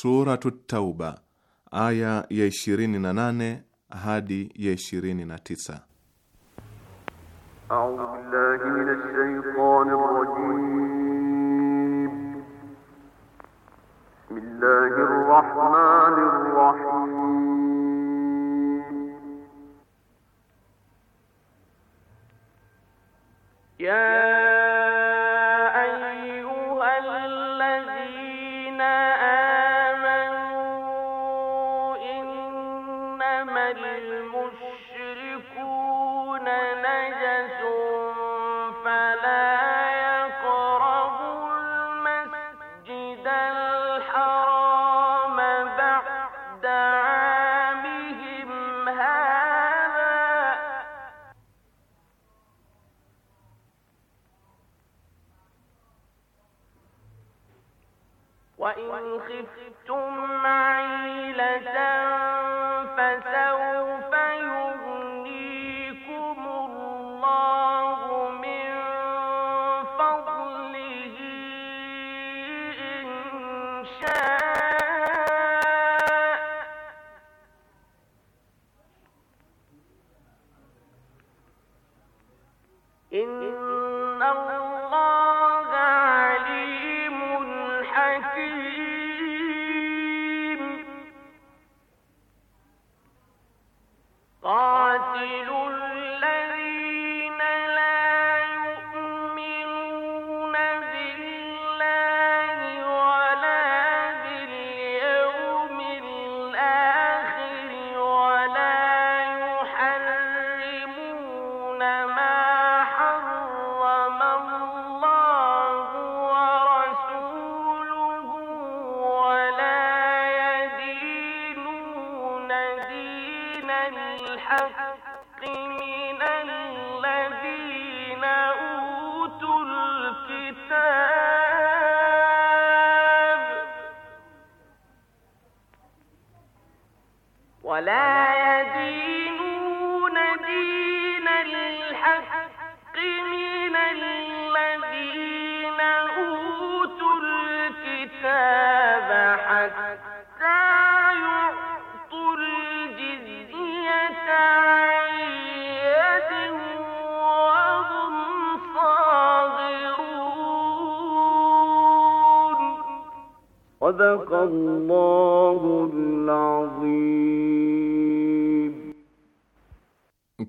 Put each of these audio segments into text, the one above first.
Suratu Tauba aya ya 28 hadi ya 29. na tisa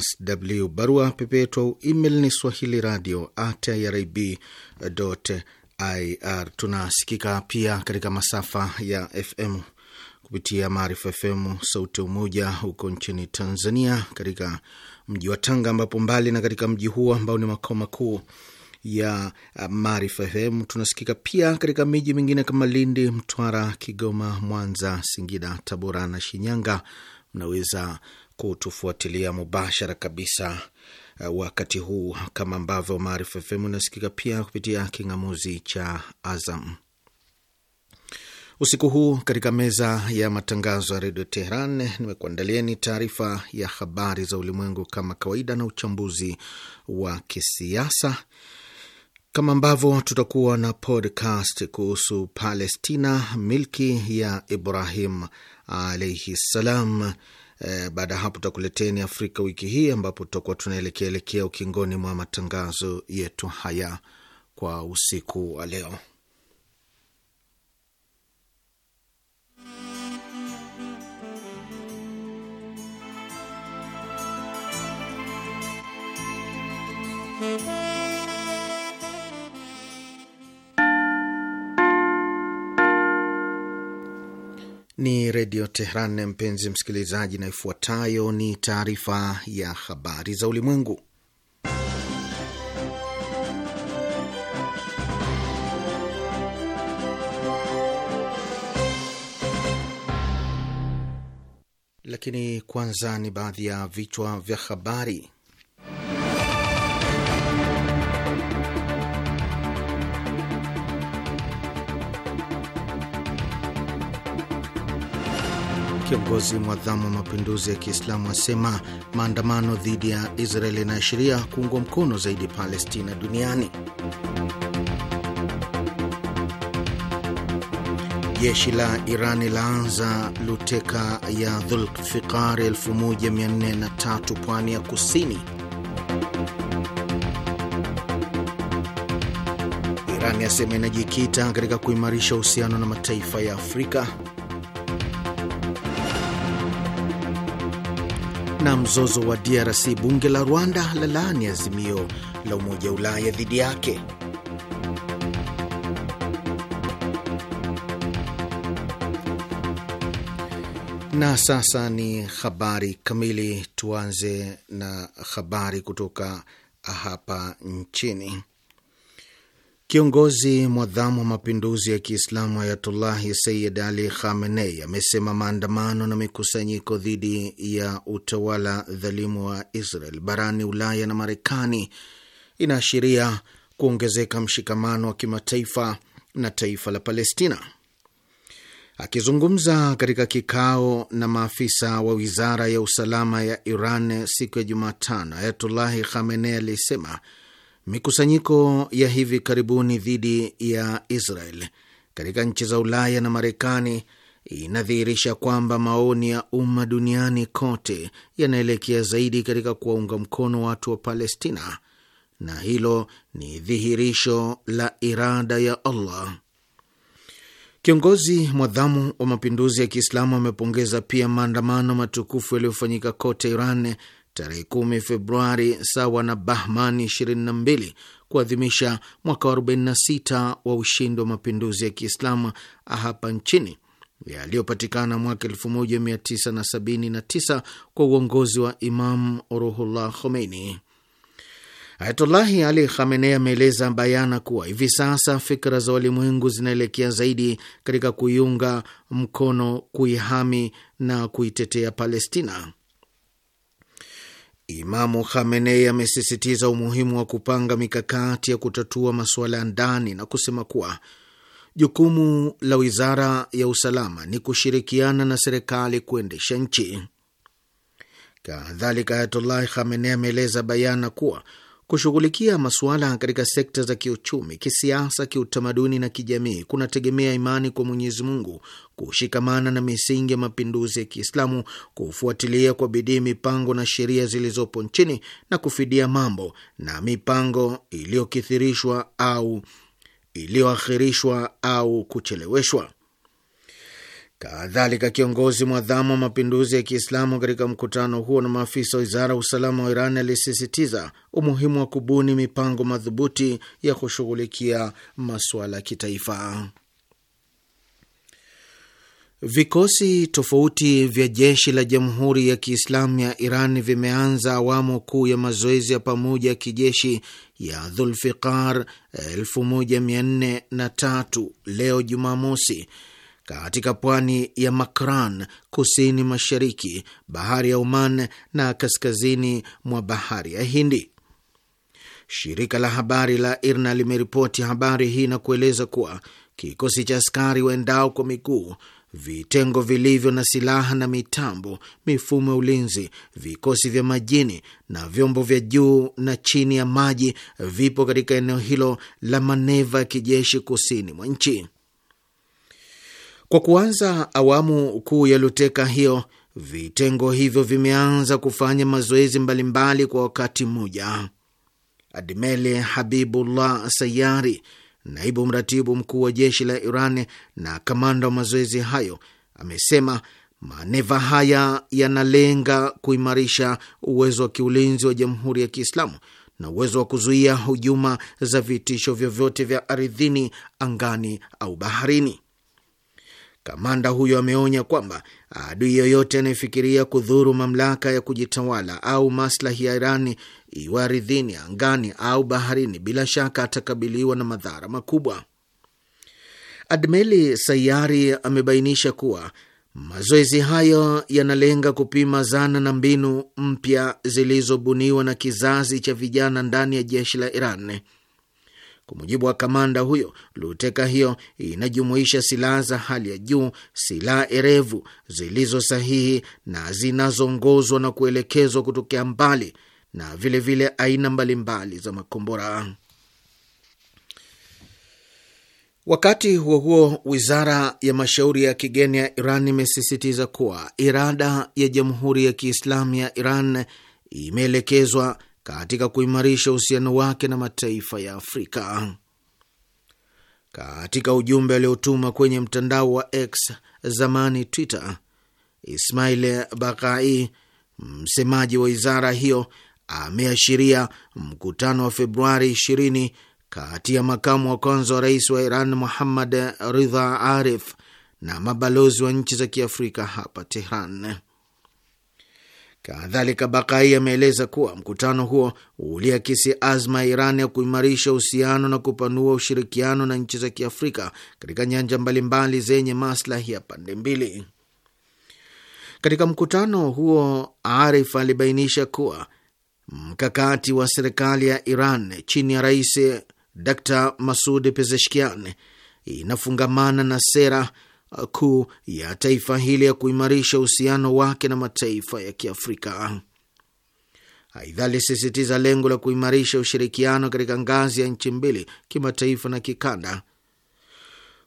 sw. Barua pepe au email ni swahili radio at irib ir. Tunasikika pia katika masafa ya FM kupitia Maarifa FM Sauti Umoja huko nchini Tanzania, katika mji wa Tanga, ambapo mbali na katika mji huo ambao ni makao makuu ya Maarifa FM tunasikika pia katika miji mingine kama Lindi, Mtwara, Kigoma, Mwanza, Singida, Tabora na Shinyanga. Mnaweza kutufuatilia mubashara kabisa uh, wakati huu, kama ambavyo Maarifa FM unasikika pia kupitia king'amuzi cha Azam. Usiku huu katika meza ya matangazo ya redio Teheran nimekuandalieni taarifa ya habari za ulimwengu kama kawaida na uchambuzi wa kisiasa, kama ambavyo tutakuwa na podcast kuhusu Palestina, milki ya Ibrahim alaihi ssalam Eh, baada ya hapo tutakuleteni Afrika wiki hii ambapo tutakuwa tunaelekea elekea ukingoni mwa matangazo yetu haya kwa usiku wa leo. Redio Tehran. Mpenzi msikilizaji, na ifuatayo ni taarifa ya habari za ulimwengu, lakini kwanza ni baadhi ya vichwa vya habari. Kiongozi mwadhamu wa mapinduzi ya Kiislamu asema maandamano dhidi ya Israeli yanaashiria kuungwa mkono zaidi Palestina duniani. Jeshi la Irani laanza luteka ya Dhulfiqar 1403 pwani ya kusini. Irani yasema inajikita katika kuimarisha uhusiano na mataifa ya Afrika. Na mzozo wa DRC, bunge la Rwanda laani azimio la Umoja wa Ulaya dhidi yake. Na sasa ni habari kamili. Tuanze na habari kutoka hapa nchini. Kiongozi mwadhamu wa mapinduzi ya Kiislamu Ayatullahi Sayyid Ali Khamenei amesema maandamano na mikusanyiko dhidi ya utawala dhalimu wa Israel barani Ulaya na Marekani inaashiria kuongezeka mshikamano wa kimataifa na taifa la Palestina. Akizungumza katika kikao na maafisa wa wizara ya usalama ya Iran siku ya Jumatano, Ayatullahi Khamenei alisema Mikusanyiko ya hivi karibuni dhidi ya Israel katika nchi za Ulaya na Marekani inadhihirisha kwamba maoni ya umma duniani kote yanaelekea zaidi katika kuwaunga mkono watu wa Palestina, na hilo ni dhihirisho la irada ya Allah. Kiongozi mwadhamu wa mapinduzi ya Kiislamu amepongeza pia maandamano matukufu yaliyofanyika kote Iran tarehe 10 Februari sawa na Bahmani 22 kuadhimisha mwaka wa 46 wa ushindi wa mapinduzi ya Kiislamu hapa nchini yaliyopatikana mwaka 1979 kwa uongozi wa Imam Ruhullah Khomeini. Ayatullahi Ali Khamenei ameeleza bayana kuwa hivi sasa fikra za walimwengu zinaelekea zaidi katika kuiunga mkono, kuihami na kuitetea Palestina. Imamu Khamenei amesisitiza umuhimu wa kupanga mikakati ya kutatua masuala ya ndani na kusema kuwa jukumu la wizara ya usalama ni kushirikiana na serikali kuendesha nchi. Kadhalika, ayatullahi Khamenei ameeleza bayana kuwa Kushughulikia masuala katika sekta za kiuchumi, kisiasa, kiutamaduni na kijamii kunategemea imani kwa Mwenyezi Mungu, kushikamana na misingi ya mapinduzi ya Kiislamu, kufuatilia kwa bidii mipango na sheria zilizopo nchini na kufidia mambo na mipango iliyokithirishwa au iliyoakhirishwa au kucheleweshwa. Kadhalika, kiongozi mwadhamu wa mapinduzi ya Kiislamu katika mkutano huo na maafisa wa wizara ya usalama wa Iran alisisitiza umuhimu wa kubuni mipango madhubuti ya kushughulikia masuala ya kitaifa. Vikosi tofauti vya jeshi la Jamhuri ya Kiislamu ya Iran vimeanza awamu kuu ya mazoezi ya pamoja ya kijeshi ya Dhulfiqar 1403 leo Jumamosi katika pwani ya Makran kusini mashariki bahari ya Oman na kaskazini mwa bahari ya Hindi. Shirika la habari la IRNA limeripoti habari hii na kueleza kuwa kikosi cha askari waendao kwa miguu, vitengo vilivyo na silaha na mitambo, mifumo ya ulinzi, vikosi vya majini na vyombo vya juu na chini ya maji vipo katika eneo hilo la maneva ya kijeshi kusini mwa nchi. Kwa kuanza awamu kuu ya luteka hiyo, vitengo hivyo vimeanza kufanya mazoezi mbalimbali kwa wakati mmoja. Admele Habibullah Sayari, naibu mratibu mkuu wa jeshi la Iran na kamanda wa mazoezi hayo, amesema maneva haya yanalenga kuimarisha uwezo wa kiulinzi wa Jamhuri ya Kiislamu na uwezo wa kuzuia hujuma za vitisho vyovyote vya ardhini, angani au baharini. Kamanda huyo ameonya kwamba adui yoyote anayefikiria kudhuru mamlaka ya kujitawala au maslahi ya Irani, iwe aridhini, angani au baharini, bila shaka atakabiliwa na madhara makubwa. Admeli Sayari amebainisha kuwa mazoezi hayo yanalenga kupima zana na mbinu mpya zilizobuniwa na kizazi cha vijana ndani ya jeshi la Iran kwa mujibu wa kamanda huyo, luteka hiyo inajumuisha silaha za hali ya juu, silaha erevu zilizo sahihi na zinazoongozwa na kuelekezwa kutokea mbali, na vilevile vile aina mbalimbali mbali za makombora. Wakati huo huo, wizara ya mashauri ya kigeni ya Iran imesisitiza kuwa irada ya Jamhuri ya Kiislamu ya Iran imeelekezwa katika kuimarisha uhusiano wake na mataifa ya Afrika. Katika ujumbe aliotuma kwenye mtandao wa X zamani Twitter, Ismail Bakai, msemaji wa wizara hiyo, ameashiria mkutano wa Februari 20 kati ya makamu wa kwanza wa rais wa Iran Muhammad Ridha Arif na mabalozi wa nchi za Kiafrika hapa Tehran. Kadhalika, Bakai ameeleza kuwa mkutano huo uliakisi azma ya Iran ya kuimarisha uhusiano na kupanua ushirikiano na nchi za Kiafrika katika nyanja mbalimbali zenye maslahi ya pande mbili. Katika mkutano huo, Arif alibainisha kuwa mkakati wa serikali ya Iran chini ya Rais Dr Masud Pezeshkian inafungamana na sera kuu ya taifa hili ya kuimarisha uhusiano wake na mataifa ya Kiafrika. Aidha, alisisitiza lengo la kuimarisha ushirikiano katika ngazi ya nchi mbili, kimataifa na kikanda,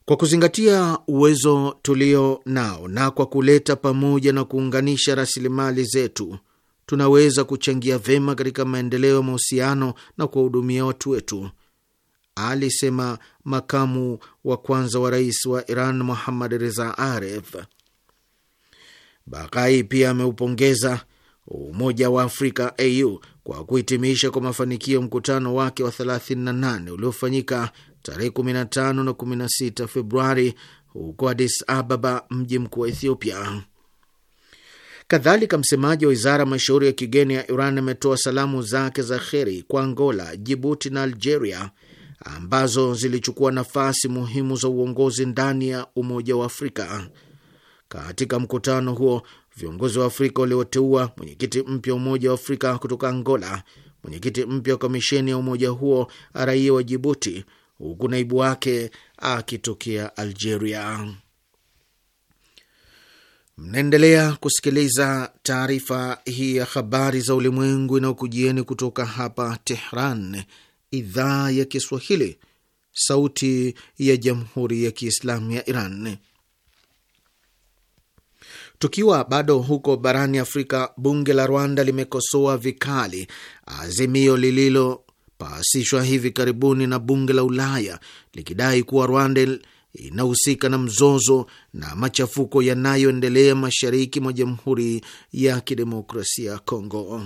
kwa kuzingatia uwezo tulio nao na kwa kuleta pamoja na kuunganisha rasilimali zetu tunaweza kuchangia vema katika maendeleo ya mahusiano na kuwahudumia watu wetu alisema makamu wa kwanza wa rais wa Iran Muhammad Reza Aref. Bakai pia ameupongeza Umoja wa Afrika au kwa kuhitimisha kwa mafanikio mkutano wake wa 38 uliofanyika tarehe 15 na 16 Februari huko Adis Ababa, mji mkuu wa Ethiopia. Kadhalika, msemaji wa wizara ya mashauri ya kigeni ya Iran ametoa salamu zake za kheri kwa Angola, Jibuti na Algeria ambazo zilichukua nafasi muhimu za uongozi ndani ya Umoja wa Afrika. Katika mkutano huo, viongozi wa Afrika walioteua mwenyekiti mpya wa Umoja wa Afrika kutoka Angola, mwenyekiti mpya wa kamisheni ya umoja huo raia wa Jibuti, huku naibu wake akitokea Algeria. Mnaendelea kusikiliza taarifa hii ya habari za ulimwengu inayokujieni kutoka hapa Tehran, idhaa ya Kiswahili, sauti ya jamhuri ya kiislamu ya Iran. Tukiwa bado huko barani Afrika, bunge la Rwanda limekosoa vikali azimio lililopasishwa hivi karibuni na bunge la Ulaya likidai kuwa Rwanda inahusika na mzozo na machafuko yanayoendelea mashariki mwa jamhuri ya kidemokrasia ya Kongo.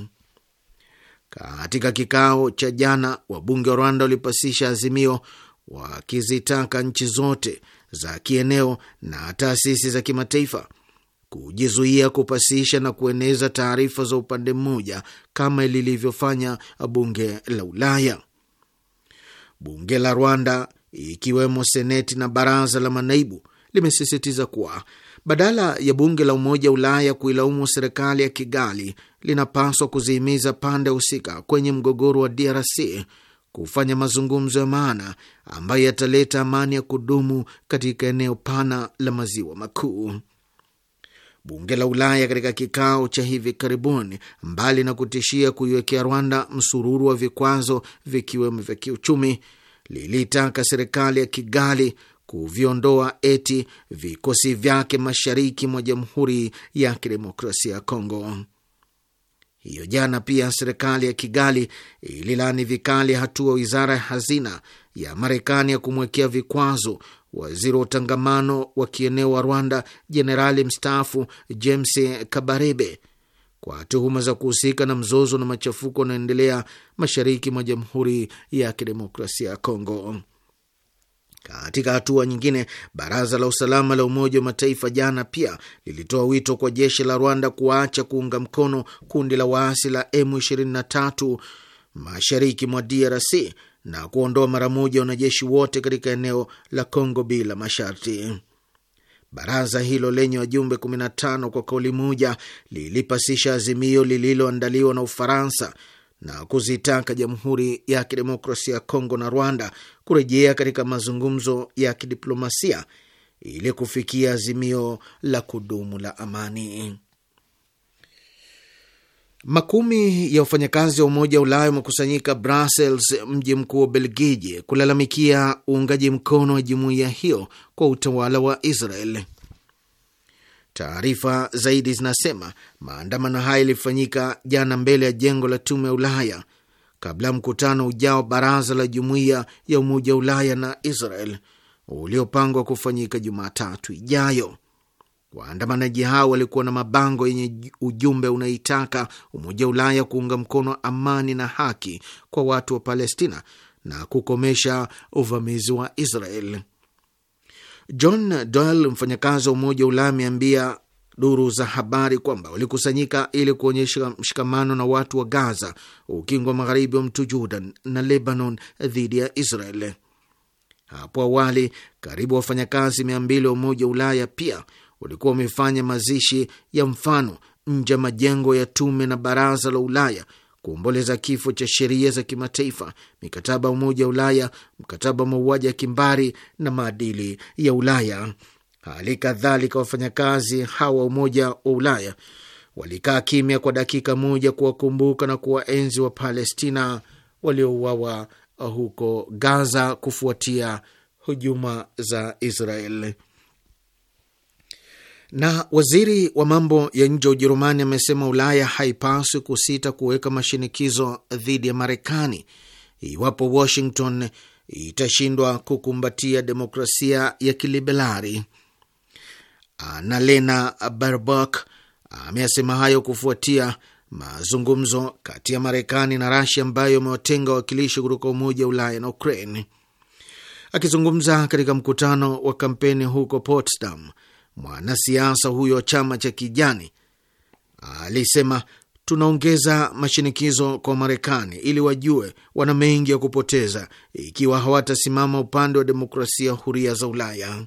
Katika kikao cha jana, wabunge wa Rwanda walipasisha azimio wakizitaka nchi zote za kieneo na taasisi za kimataifa kujizuia kupasisha na kueneza taarifa za upande mmoja kama lilivyofanya bunge la Ulaya. Bunge la Rwanda, ikiwemo seneti na baraza la manaibu, limesisitiza kuwa badala ya bunge la Umoja wa Ulaya kuilaumu serikali ya Kigali, linapaswa kuzihimiza pande husika kwenye mgogoro wa DRC kufanya mazungumzo ya maana ambayo yataleta amani ya kudumu katika eneo pana la maziwa makuu. Bunge la Ulaya katika kikao cha hivi karibuni, mbali na kutishia kuiwekea Rwanda msururu wa vikwazo vikiwemo vya kiuchumi, liliitaka serikali ya Kigali kuviondoa eti vikosi vyake mashariki mwa Jamhuri ya Kidemokrasia ya Kongo. Hiyo jana pia serikali ya Kigali ililani vikali hatua wizara ya hazina ya Marekani ya kumwekea vikwazo waziri wa utangamano wa kieneo wa Rwanda, jenerali mstaafu James Kabarebe kwa tuhuma za kuhusika na mzozo na machafuko yanayoendelea mashariki mwa Jamhuri ya Kidemokrasia ya Kongo. Katika hatua nyingine, baraza la usalama la Umoja wa Mataifa jana pia lilitoa wito kwa jeshi la Rwanda kuacha kuunga mkono kundi la waasi la M23 mashariki mwa DRC na kuondoa mara moja wanajeshi wote katika eneo la congo bila masharti. Baraza hilo lenye wajumbe 15 kwa kauli moja lilipasisha azimio lililoandaliwa na Ufaransa na kuzitaka Jamhuri ya Kidemokrasia ya Kongo na Rwanda kurejea katika mazungumzo ya kidiplomasia ili kufikia azimio la kudumu la amani. Makumi ya wafanyakazi wa Umoja wa Ulaya wamekusanyika Brussels, mji mkuu wa Belgiji, kulalamikia uungaji mkono wa jumuiya hiyo kwa utawala wa Israel. Taarifa zaidi zinasema maandamano haya yalifanyika jana mbele ya jengo la tume ya Ulaya kabla ya mkutano ujao baraza la jumuiya ya umoja wa Ulaya na Israel uliopangwa kufanyika Jumatatu ijayo. Waandamanaji hao walikuwa na mabango yenye ujumbe unaitaka umoja wa Ulaya kuunga mkono amani na haki kwa watu wa Palestina na kukomesha uvamizi wa Israel. John Doyle, mfanyakazi wa Umoja wa Ulaya, ameambia duru za habari kwamba walikusanyika ili kuonyesha mshikamano na watu wa Gaza, ukingo wa magharibi wa mto Jordan na Lebanon dhidi ya Israel. Hapo awali karibu wafanyakazi mia mbili wa Umoja wa Ulaya pia walikuwa wamefanya mazishi ya mfano nje ya majengo ya tume na baraza la Ulaya kuomboleza kifo cha sheria za kimataifa, mikataba ya Umoja wa Ulaya, mkataba wa mauaji ya kimbari na maadili ya Ulaya. Hali kadhalika wafanyakazi hawa wa Umoja wa Ulaya walikaa kimya kwa dakika moja kuwakumbuka na kuwaenzi wa Palestina waliouawa huko Gaza kufuatia hujuma za Israeli. Na waziri wa mambo ya nje wa Ujerumani amesema Ulaya haipaswi kusita kuweka mashinikizo dhidi ya Marekani iwapo Washington itashindwa kukumbatia demokrasia ya kiliberali. Annalena Baerbock ameyasema hayo kufuatia mazungumzo kati ya Marekani na Rasia ambayo amewatenga wawakilishi kutoka Umoja wa Ulaya na Ukraine. Akizungumza katika mkutano wa kampeni huko Potsdam, mwanasiasa huyo wa chama cha kijani alisema, tunaongeza mashinikizo kwa Marekani ili wajue wana mengi ya kupoteza ikiwa hawatasimama upande wa demokrasia huria za Ulaya.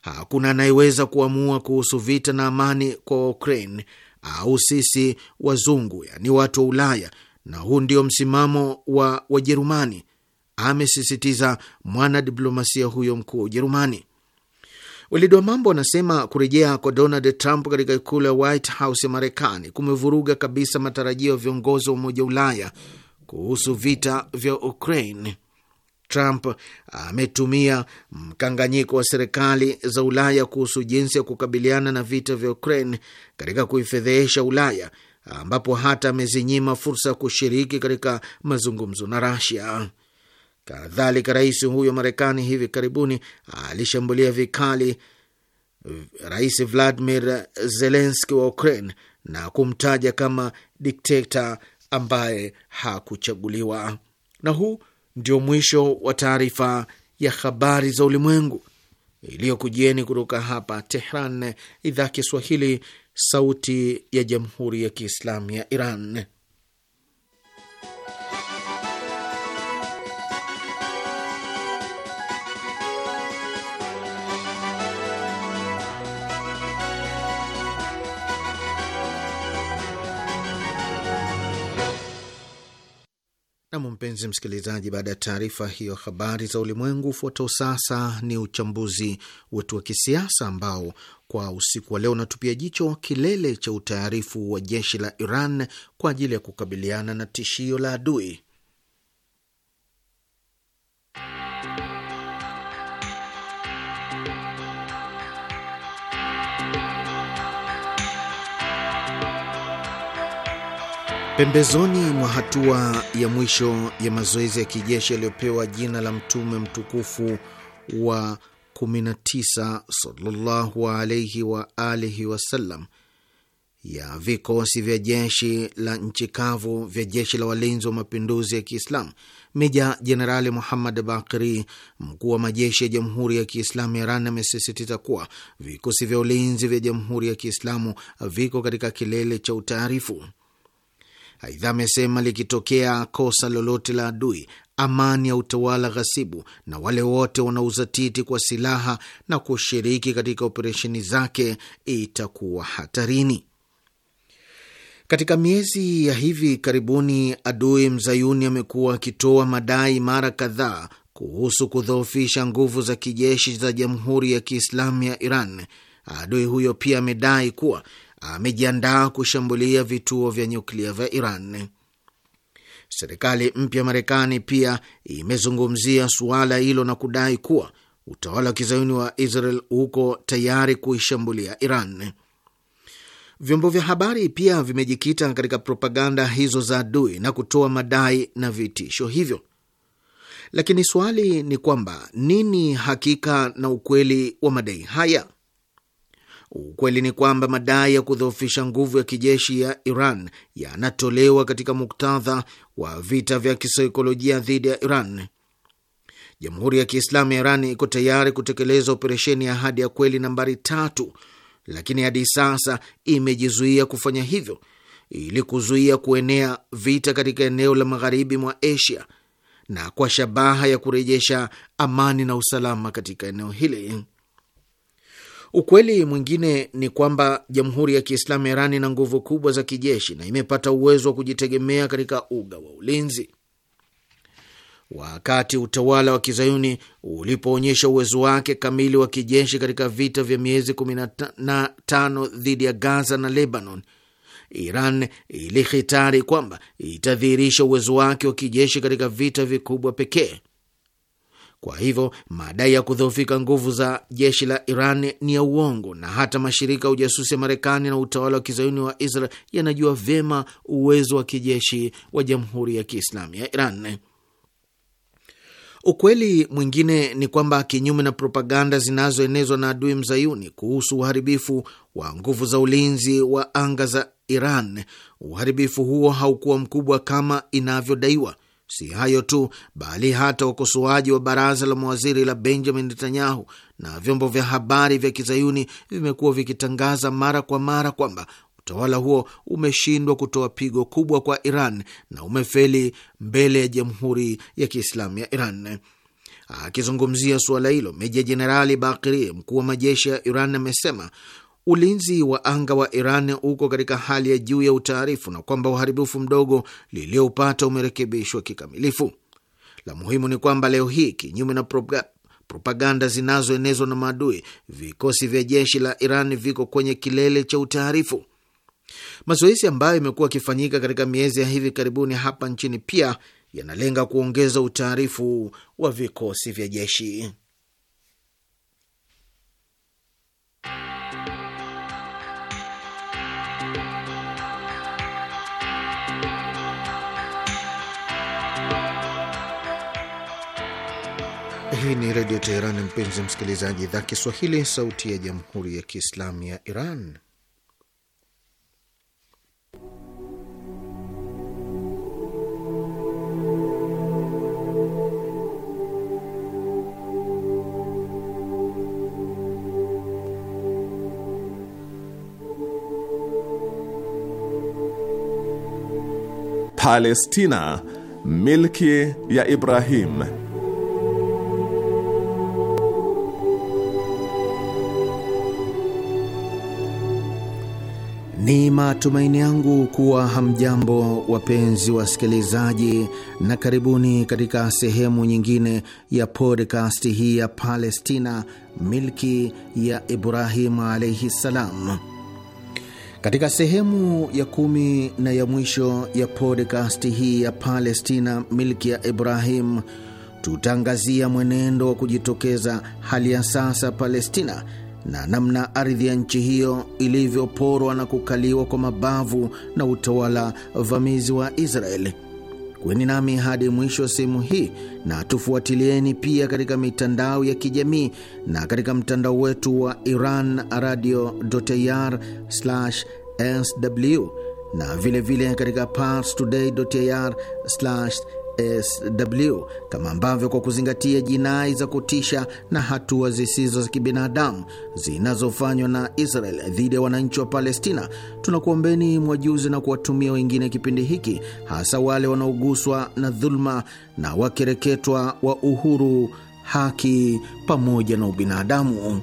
Hakuna anayeweza kuamua kuhusu vita na amani kwa Ukraine au sisi wazungu, yaani watu wa Ulaya, na huu ndio msimamo wa Wajerumani, amesisitiza mwanadiplomasia huyo mkuu wa Ujerumani. Weledi wa mambo wanasema kurejea kwa Donald Trump katika ikulu ya White House ya Marekani kumevuruga kabisa matarajio ya viongozi wa Umoja wa Ulaya kuhusu vita vya Ukraine. Trump ametumia mkanganyiko wa serikali za Ulaya kuhusu jinsi ya kukabiliana na vita vya Ukraine katika kuifedhehesha Ulaya, ambapo hata amezinyima fursa ya kushiriki katika mazungumzo na Rasia. Kadhalika, rais huyo Marekani hivi karibuni alishambulia vikali rais Vladimir Zelenski wa Ukraine na kumtaja kama dikteta ambaye hakuchaguliwa. Na huu ndio mwisho wa taarifa ya habari za ulimwengu iliyokujieni kutoka hapa Tehran, idhaa Kiswahili, sauti ya jamhuri ya kiislamu ya Iran. Nam, mpenzi msikilizaji, baada ya taarifa hiyo habari za ulimwengu, ufuatao sasa ni uchambuzi wetu wa kisiasa ambao kwa usiku wa leo unatupia jicho kilele cha utayarifu wa jeshi la Iran kwa ajili ya kukabiliana na tishio la adui. Pembezoni mwa hatua ya mwisho ya mazoezi ya kijeshi yaliyopewa jina la Mtume mtukufu wa 19 sallallahu alaihi wa alihi wasallam ya vikosi vya jeshi la nchi kavu vya jeshi la walinzi wa mapinduzi ya Kiislamu, Meja Jenerali Muhammad Bakri, mkuu wa majeshi ya Jamhuri ya Kiislamu Iran, amesisitiza kuwa vikosi vya ulinzi vya Jamhuri ya Kiislamu viko katika kilele cha utaarifu. Aidha amesema likitokea kosa lolote la adui, amani ya utawala ghasibu na wale wote wanaozatiti kwa silaha na kushiriki katika operesheni zake itakuwa hatarini. Katika miezi ya hivi karibuni, adui mzayuni amekuwa akitoa madai mara kadhaa kuhusu kudhoofisha nguvu za kijeshi za Jamhuri ya Kiislamu ya Iran. Adui huyo pia amedai kuwa amejiandaa kushambulia vituo vya nyuklia vya Iran. Serikali mpya Marekani pia imezungumzia suala hilo na kudai kuwa utawala wa kizayuni wa Israel uko tayari kuishambulia Iran. Vyombo vya habari pia vimejikita katika propaganda hizo za adui na kutoa madai na vitisho hivyo, lakini swali ni kwamba nini hakika na ukweli wa madai haya? Ukweli ni kwamba madai ya kudhoofisha nguvu ya kijeshi ya Iran yanatolewa katika muktadha wa vita vya kisaikolojia dhidi ya Iran. Jamhuri ya Kiislamu ya Iran iko tayari kutekeleza operesheni ya Ahadi ya Kweli nambari tatu, lakini hadi sasa imejizuia kufanya hivyo ili kuzuia kuenea vita katika eneo la magharibi mwa Asia na kwa shabaha ya kurejesha amani na usalama katika eneo hili. Ukweli mwingine ni kwamba Jamhuri ya Kiislamu ya Iran ina nguvu kubwa za kijeshi na imepata uwezo wa kujitegemea katika uga wa ulinzi. Wakati utawala wa kizayuni ulipoonyesha uwezo wake kamili wa kijeshi katika vita vya miezi 15 dhidi ya Gaza na Lebanon, Iran ilihitari kwamba itadhihirisha uwezo wake wa kijeshi katika vita vikubwa pekee. Kwa hivyo madai ya kudhoofika nguvu za jeshi la Iran ni ya uongo, na hata mashirika ya ujasusi ya Marekani na utawala wa kizayuni wa Israel yanajua vyema uwezo wa kijeshi wa Jamhuri ya Kiislamu ya Iran. Ukweli mwingine ni kwamba kinyume na propaganda zinazoenezwa na adui mzayuni kuhusu uharibifu wa nguvu za ulinzi wa anga za Iran, uharibifu huo haukuwa mkubwa kama inavyodaiwa, Si hayo tu, bali hata ukosoaji wa baraza la mawaziri la Benjamin Netanyahu na vyombo vya habari vya kizayuni vimekuwa vikitangaza mara kwa mara kwamba utawala huo umeshindwa kutoa pigo kubwa kwa Iran na umefeli mbele ya Jamhuri ya Kiislamu ya Iran. Akizungumzia suala hilo, Meja Jenerali Bakiri, mkuu wa majeshi ya Iran, amesema ulinzi wa anga wa Iran uko katika hali ya juu ya utaarifu na kwamba uharibifu mdogo liliyopata umerekebishwa kikamilifu. La muhimu ni kwamba leo hii, kinyume na propaganda zinazoenezwa na maadui, vikosi vya jeshi la Iran viko kwenye kilele cha utaarifu. Mazoezi ambayo imekuwa akifanyika katika miezi ya hivi karibuni hapa nchini pia yanalenga kuongeza utaarifu wa vikosi vya jeshi. Hii ni Redio Teheran, mpenzi msikilizaji, idhaa Kiswahili, sauti ya Jamhuri ya Kiislamu ya Iran. Palestina, milki ya Ibrahim. Ni matumaini yangu kuwa hamjambo wapenzi wasikilizaji, na karibuni katika sehemu nyingine ya podcast hii ya Palestina, milki ya Ibrahimu alaihi ssalam. Katika sehemu ya kumi na ya mwisho ya podcast hii ya Palestina, milki ya Ibrahim, tutaangazia mwenendo wa kujitokeza hali ya sasa Palestina na namna ardhi ya nchi hiyo ilivyoporwa na kukaliwa kwa mabavu na utawala vamizi wa Israeli. Kweni nami hadi mwisho wa sehemu hii na tufuatilieni pia katika mitandao ya kijamii na katika mtandao wetu wa Iran Radio ir sw na vilevile vile katika Pars Today ir SW kama ambavyo kwa kuzingatia jinai za kutisha na hatua zisizo za kibinadamu zinazofanywa na Israel dhidi ya wananchi wa Palestina, tunakuombeni mwajuzi na kuwatumia wengine kipindi hiki, hasa wale wanaoguswa na dhuluma na wakereketwa wa uhuru, haki pamoja na ubinadamu.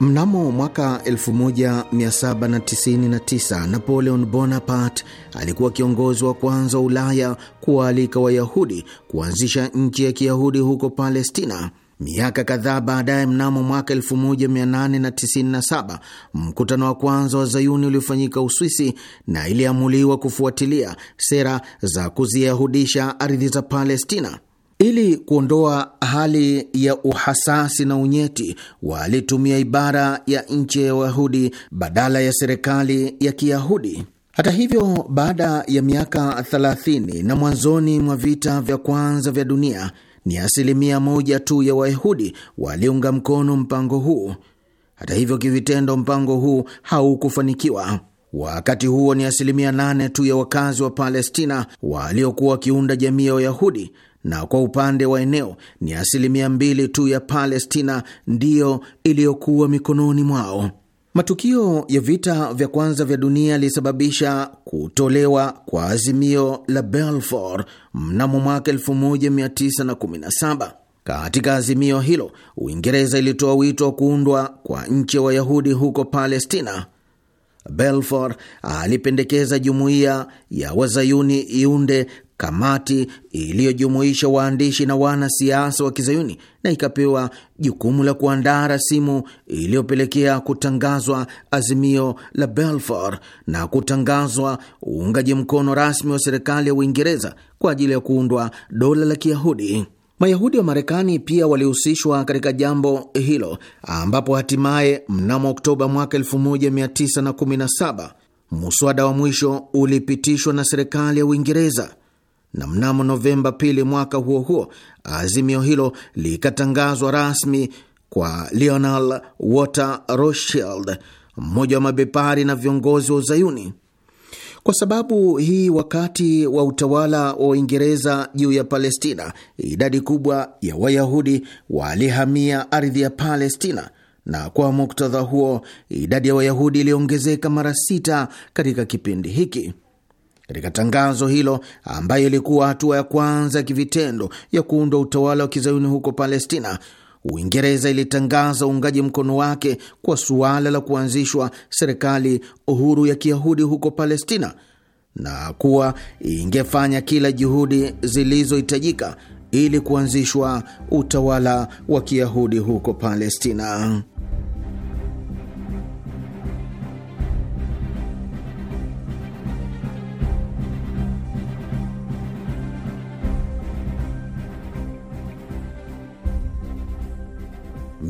Mnamo mwaka 1799 Napoleon Bonaparte alikuwa kiongozi wa kwanza wa Ulaya kuwaalika Wayahudi kuanzisha nchi ya Kiyahudi huko Palestina. Miaka kadhaa baadaye, mnamo mwaka 1897 mkutano wa kwanza wa Zayuni uliofanyika Uswisi na iliamuliwa kufuatilia sera za kuziyahudisha ardhi za Palestina. Ili kuondoa hali ya uhasasi na unyeti, walitumia ibara ya nchi ya Wayahudi badala ya serikali ya Kiyahudi. Hata hivyo, baada ya miaka 30 na mwanzoni mwa vita vya kwanza vya dunia, ni asilimia moja tu ya Wayahudi waliunga mkono mpango huu. Hata hivyo, kivitendo mpango huu haukufanikiwa. Wakati huo ni asilimia nane tu ya wakazi wa Palestina waliokuwa wakiunda jamii ya Wayahudi na kwa upande wa eneo ni asilimia mbili tu ya Palestina ndiyo iliyokuwa mikononi mwao. Matukio ya vita vya kwanza vya dunia yalisababisha kutolewa kwa azimio la Balfour mnamo mwaka 1917. Katika azimio hilo, Uingereza ilitoa wito wa kuundwa kwa nchi ya Wayahudi huko Palestina. Balfour alipendekeza jumuiya ya Wazayuni iunde kamati iliyojumuisha waandishi na wanasiasa wa kizayuni na ikapewa jukumu la kuandaa rasimu iliyopelekea kutangazwa azimio la Balfour na kutangazwa uungaji mkono rasmi wa serikali ya Uingereza kwa ajili ya kuundwa dola la Kiyahudi. Mayahudi wa Marekani pia walihusishwa katika jambo hilo, ambapo hatimaye mnamo Oktoba mwaka 1917 muswada wa mwisho ulipitishwa na serikali ya Uingereza na mnamo Novemba pili mwaka huo huo azimio hilo likatangazwa rasmi kwa Lionel Walter Rothschild, mmoja wa mabepari na viongozi wa Uzayuni. Kwa sababu hii, wakati wa utawala wa Uingereza juu ya Palestina, idadi kubwa ya Wayahudi walihamia ardhi ya Palestina, na kwa muktadha huo idadi ya Wayahudi iliongezeka mara sita katika kipindi hiki. Katika tangazo hilo, ambayo ilikuwa hatua ya kwanza ya kivitendo ya kuundwa utawala wa kizayuni huko Palestina, Uingereza ilitangaza uungaji mkono wake kwa suala la kuanzishwa serikali uhuru ya kiyahudi huko Palestina na kuwa ingefanya kila juhudi zilizohitajika ili kuanzishwa utawala wa kiyahudi huko Palestina.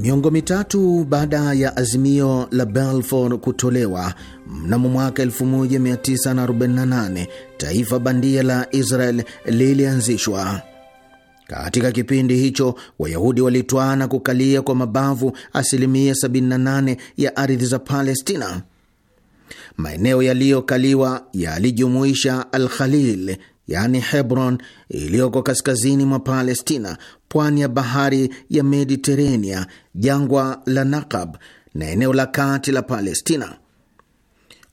Miongo mitatu baada ya azimio la Balfour kutolewa mnamo mwaka 1948, taifa bandia la Israel lilianzishwa. Katika kipindi hicho Wayahudi walitwana kukalia kwa mabavu asilimia 78 ya ardhi za Palestina. Maeneo yaliyokaliwa yalijumuisha Al Khalil, yaani Hebron, iliyoko kaskazini mwa Palestina, pwani ya bahari ya Mediterania, jangwa la Nakab na eneo la kati la Palestina.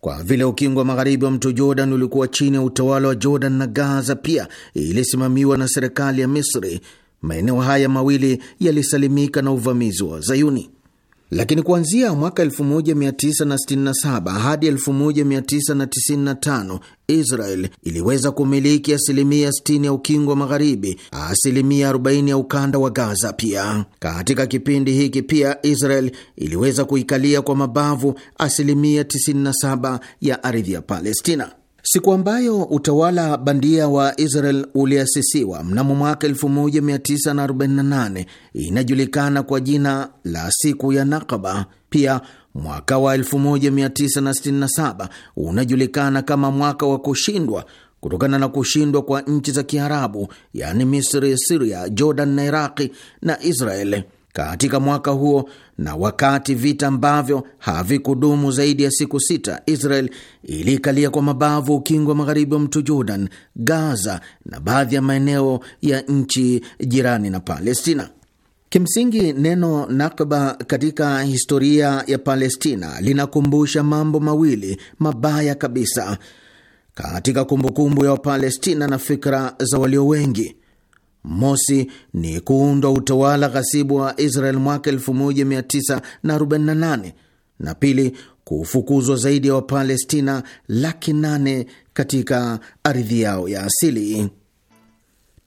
Kwa vile ukingo wa magharibi wa mto Jordan ulikuwa chini ya utawala wa Jordan na Gaza pia ilisimamiwa na serikali ya Misri, maeneo haya mawili yalisalimika na uvamizi wa Zayuni lakini kuanzia mwaka 1967 hadi 1995 Israel iliweza kumiliki asilimia 60 ya ukingo wa magharibi, asilimia 40 ya ukanda wa Gaza. Pia katika kipindi hiki pia Israel iliweza kuikalia kwa mabavu asilimia 97 ya ardhi ya Palestina. Siku ambayo utawala bandia wa Israel uliasisiwa mnamo mwaka 1948 inajulikana kwa jina la siku ya Nakaba. Pia mwaka wa 1967 unajulikana kama mwaka wa kushindwa kutokana na kushindwa kwa nchi za Kiarabu, yaani Misri, Siria, Jordan na Iraqi na Israeli. Katika mwaka huo na wakati vita ambavyo havikudumu zaidi ya siku sita, Israel iliikalia kwa mabavu ukingo wa magharibi wa mto Jordan, Gaza na baadhi ya maeneo ya nchi jirani na Palestina. Kimsingi, neno Nakba katika historia ya Palestina linakumbusha mambo mawili mabaya kabisa katika kumbukumbu ya Wapalestina na fikra za walio wengi. Mosi ni kuundwa utawala ghasibu wa Israel mwaka 1948 na pili, kufukuzwa zaidi ya wa Wapalestina laki nane katika ardhi yao ya asili.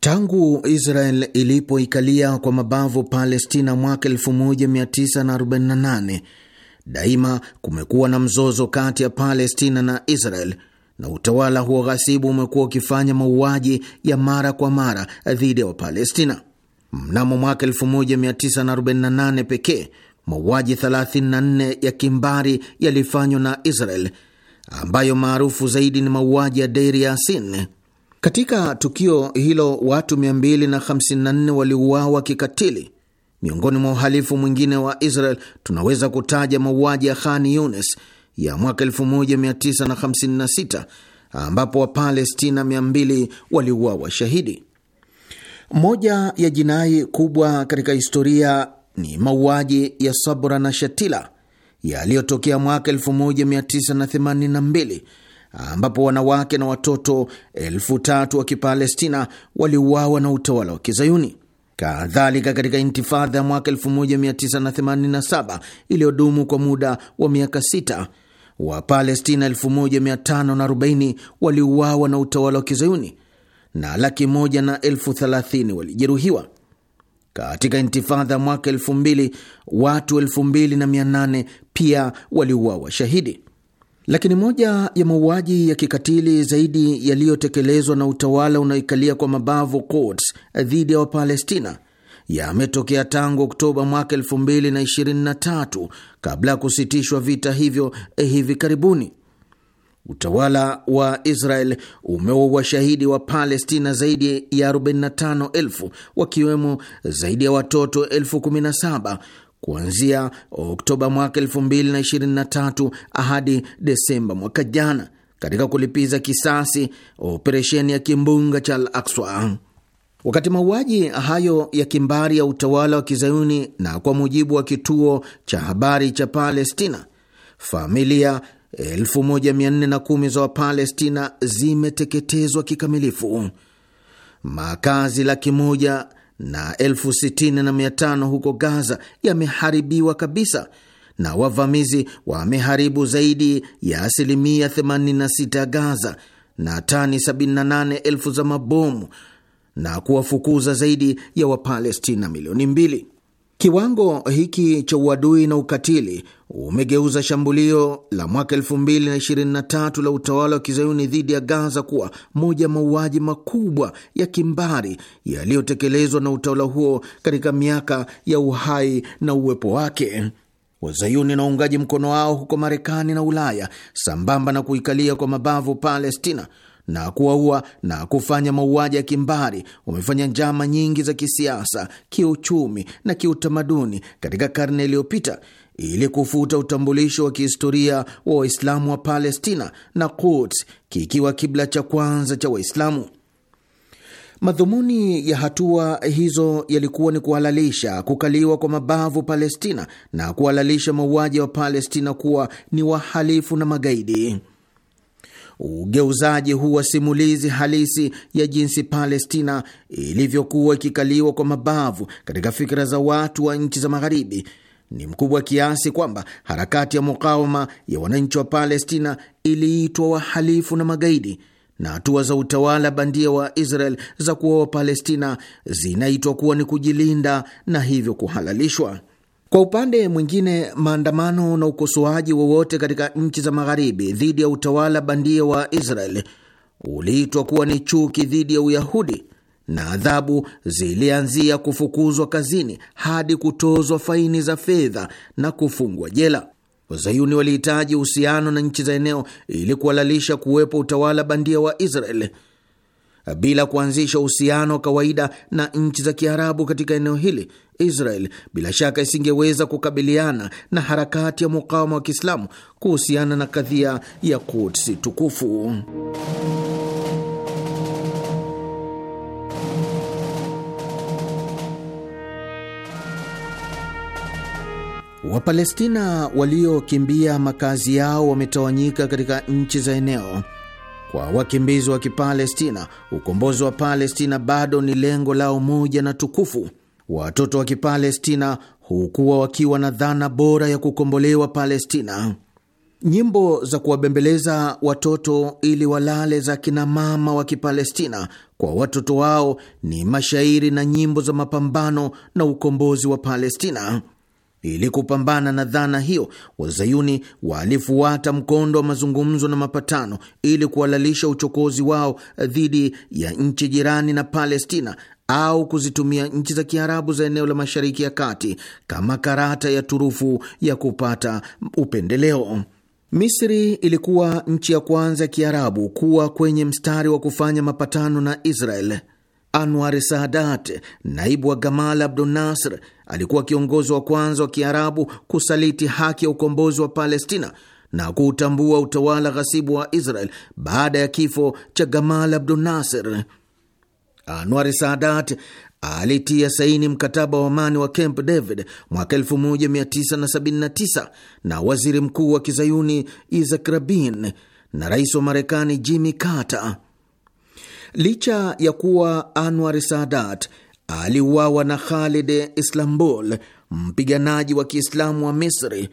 Tangu Israel ilipoikalia kwa mabavu Palestina mwaka 1948 daima kumekuwa na mzozo kati ya Palestina na Israel na utawala huo ghasibu umekuwa ukifanya mauaji ya mara kwa mara dhidi ya Wapalestina. Mnamo mwaka 1948 pekee mauaji 34 ya kimbari yalifanywa na Israel ambayo maarufu zaidi ni mauaji ya Deir Yasin. Katika tukio hilo watu 254 waliuawa kikatili. Miongoni mwa uhalifu mwingine wa Israel tunaweza kutaja mauaji ya Khan Yunis ya mwaka 1956 ambapo Wapalestina 200 waliuawa shahidi. Moja ya jinai kubwa katika historia ni mauaji ya Sabra na Shatila yaliyotokea mwaka 1982 ambapo wanawake na watoto elfu tatu wa Kipalestina waliuawa na utawala wa Kizayuni. Kadhalika, katika intifadha ya mwaka 1987 iliyodumu kwa muda wa miaka sita Wapalestina 1540 waliuawa na utawala wa kizayuni na laki moja na elfu thelathini walijeruhiwa. Katika intifadha mwaka elfu mbili watu elfu mbili na mia nane pia waliuawa shahidi. Lakini moja ya mauaji ya kikatili zaidi yaliyotekelezwa na utawala unaoikalia kwa mabavu Quds dhidi ya Wapalestina yametokea tangu Oktoba mwaka 2023 kabla ya kusitishwa vita hivyo eh, hivi karibuni. Utawala wa Israel umeua washahidi wa Palestina zaidi ya 45,000 wakiwemo zaidi ya watoto 17,000 kuanzia Oktoba mwaka 2023 hadi Desemba mwaka jana katika kulipiza kisasi operesheni ya kimbunga cha Al-Aqsa. Wakati mauaji hayo ya kimbari ya utawala wa kizayuni, na kwa mujibu wa kituo cha habari cha Palestina, familia 1410 za Wapalestina zimeteketezwa kikamilifu, makazi laki moja na elfu sitini na mia tano huko Gaza yameharibiwa kabisa na wavamizi wameharibu zaidi ya asilimia 86 ya Gaza na tani 78 elfu za mabomu na kuwafukuza zaidi ya Wapalestina milioni mbili. Kiwango hiki cha uadui na ukatili umegeuza shambulio la mwaka 2023 la utawala wa kizayuni dhidi ya Gaza kuwa moja mauaji makubwa ya kimbari yaliyotekelezwa na utawala huo katika miaka ya uhai na uwepo wake. Wazayuni na uungaji mkono wao huko Marekani na Ulaya, sambamba na kuikalia kwa mabavu Palestina, na kuwaua na kufanya mauaji ya kimbari. Umefanya njama nyingi za kisiasa, kiuchumi na kiutamaduni katika karne iliyopita ili kufuta utambulisho wa kihistoria wa Waislamu wa Palestina na Quds kikiwa kibla cha kwanza cha Waislamu. Madhumuni ya hatua hizo yalikuwa ni kuhalalisha kukaliwa kwa mabavu Palestina na kuhalalisha mauaji wa Palestina kuwa ni wahalifu na magaidi. Ugeuzaji huu wa simulizi halisi ya jinsi Palestina ilivyokuwa ikikaliwa kwa mabavu katika fikra za watu wa nchi za Magharibi ni mkubwa kiasi kwamba harakati ya mukawama ya wananchi wa Palestina iliitwa wahalifu na magaidi, na hatua za utawala bandia wa Israel za kuwa Palestina zinaitwa kuwa ni kujilinda na hivyo kuhalalishwa. Kwa upande mwingine, maandamano na ukosoaji wowote katika nchi za magharibi dhidi ya utawala bandia wa Israel uliitwa kuwa ni chuki dhidi ya Uyahudi na adhabu zilianzia kufukuzwa kazini hadi kutozwa faini za fedha na kufungwa jela. Wazayuni walihitaji uhusiano na nchi za eneo ili kuhalalisha kuwepo utawala bandia wa Israel bila kuanzisha uhusiano wa kawaida na nchi za Kiarabu katika eneo hili, Israel bila shaka isingeweza kukabiliana na harakati ya mukawama wa Kiislamu kuhusiana na kadhia ya kutsi tukufu. Wapalestina waliokimbia makazi yao wametawanyika katika nchi za eneo kwa wakimbizi wa Kipalestina, ukombozi wa Palestina bado ni lengo lao moja na tukufu. Watoto wa Kipalestina hukuwa wakiwa na dhana bora ya kukombolewa Palestina. Nyimbo za kuwabembeleza watoto ili walale za kinamama wa Kipalestina kwa watoto wao ni mashairi na nyimbo za mapambano na ukombozi wa Palestina. Ili kupambana na dhana hiyo, wazayuni walifuata mkondo wa mazungumzo na mapatano ili kuhalalisha uchokozi wao dhidi ya nchi jirani na Palestina au kuzitumia nchi za Kiarabu za eneo la Mashariki ya Kati kama karata ya turufu ya kupata upendeleo. Misri ilikuwa nchi ya kwanza ya Kiarabu kuwa kwenye mstari wa kufanya mapatano na Israel. Anwar Sadat, naibu wa Gamal abdu nasr alikuwa kiongozi wa kwanza wa Kiarabu kusaliti haki ya ukombozi wa Palestina na kuutambua utawala ghasibu wa Israel baada ya kifo cha Gamal abdu Nasser. Anwari Sadat alitia saini mkataba wa amani wa Camp David mwaka 1979 na waziri mkuu wa kizayuni Isaac Rabin na rais wa Marekani Jimmy Carter. Licha ya kuwa Anwar Sadat aliuawa na Khalid Islambul, mpiganaji wa Kiislamu wa Misri,